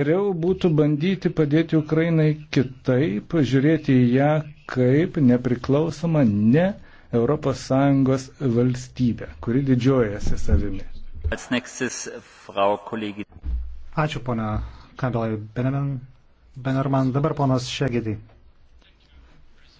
Geriau būtų bandyti padėti Ukrainai kitaip, žiūrėti į ją kaip nepriklausomą ne ES valstybę, kuri didžiuojasi savimi. Ačiū, ponia Kambilai Benerman. Dabar ponas Šegedį.